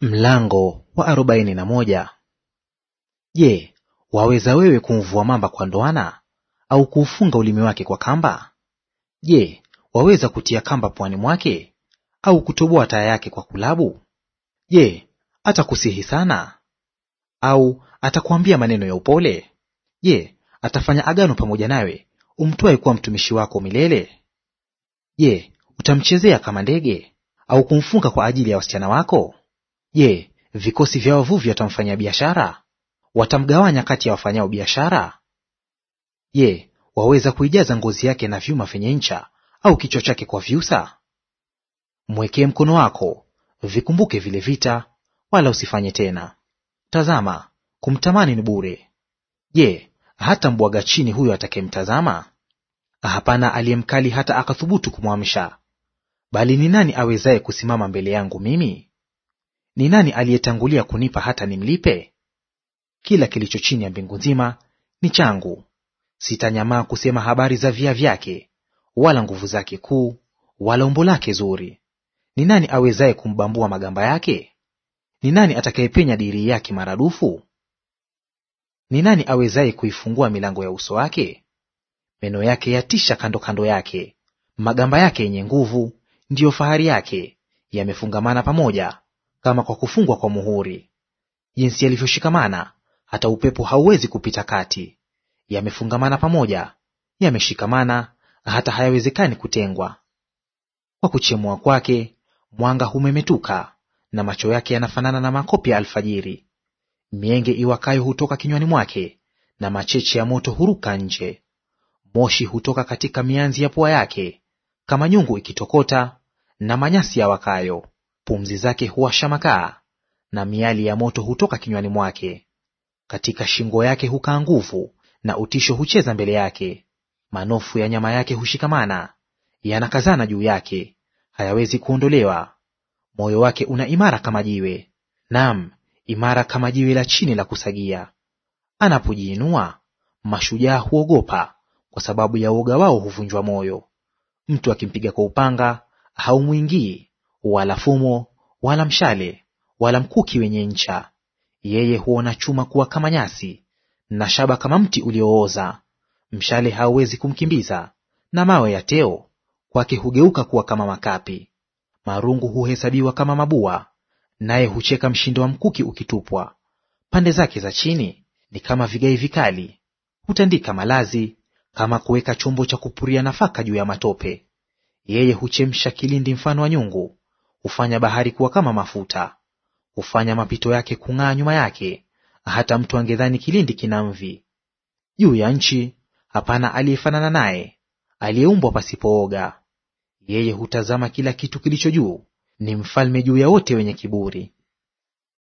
Mlango wa arobaini na moja. Je, waweza wewe kumvua mamba kwa ndoana au kuufunga ulimi wake kwa kamba? Je, waweza kutia kamba pwani mwake au kutoboa taya yake kwa kulabu? Je, atakusihi sana au atakwambia maneno ya upole? Je, atafanya agano pamoja nawe umtwaye kuwa mtumishi wako milele? Je, utamchezea kama ndege au kumfunga kwa ajili ya wasichana wako? Je, vikosi vya wavuvi watamfanyia biashara? Watamgawanya kati ya wafanyao biashara? Je, waweza kuijaza ngozi yake na vyuma vyenye ncha, au kichwa chake kwa vyusa Mwekee mkono wako, vikumbuke vile vita, wala usifanye tena. Tazama, kumtamani ni bure. Je, hata mbwaga chini huyo atakayemtazama? Hapana aliyemkali hata akathubutu kumwamsha. Bali ni nani awezaye kusimama mbele yangu mimi? Ni nani aliyetangulia kunipa hata nimlipe? Kila kilicho chini ya mbingu nzima ni changu. Sitanyamaa kusema habari za via vyake, wala nguvu zake kuu, wala umbo lake zuri. Ni nani awezaye kumbambua magamba yake? Ni nani atakayepenya dirii yake maradufu? Ni nani awezaye kuifungua milango ya uso wake? Meno yake yatisha kando kando yake, magamba yake yenye nguvu ndiyo fahari yake, yamefungamana pamoja kama kwa kufungwa kwa muhuri. Jinsi yalivyoshikamana, hata upepo hauwezi kupita kati. Yamefungamana pamoja, yameshikamana, hata hayawezekani kutengwa. Kwa kuchemua kwake mwanga humemetuka, na macho yake yanafanana na makopi ya alfajiri. Mienge iwakayo hutoka kinywani mwake, na macheche ya moto huruka nje. Moshi hutoka katika mianzi ya pua yake, kama nyungu ikitokota, na manyasi yawakayo. Pumzi zake huwasha makaa, na miali ya moto hutoka kinywani mwake. Katika shingo yake hukaa nguvu, na utisho hucheza mbele yake. Manofu ya nyama yake hushikamana, yanakazana juu yake, hayawezi kuondolewa. Moyo wake una imara kama jiwe, nam imara kama jiwe la chini la kusagia. Anapojiinua, mashujaa huogopa, kwa sababu ya uoga wao huvunjwa moyo. Mtu akimpiga kwa upanga haumwingii, wala fumo, wala mshale, wala mkuki wenye ncha. Yeye huona chuma kuwa kama nyasi, na shaba kama mti uliooza. Mshale hauwezi kumkimbiza, na mawe ya teo kwake hugeuka kuwa kama makapi. Marungu huhesabiwa kama mabua, naye hucheka mshindo wa mkuki ukitupwa. Pande zake za chini ni kama vigai vikali, hutandika malazi kama kuweka chombo cha kupuria nafaka juu ya matope. Yeye huchemsha kilindi mfano wa nyungu, hufanya bahari kuwa kama mafuta, hufanya mapito yake kung'aa nyuma yake, hata mtu angedhani kilindi kina mvi. Juu ya nchi hapana aliyefanana naye, aliyeumbwa pasipooga. Yeye hutazama kila kitu kilicho juu, ni mfalme juu ya wote wenye kiburi.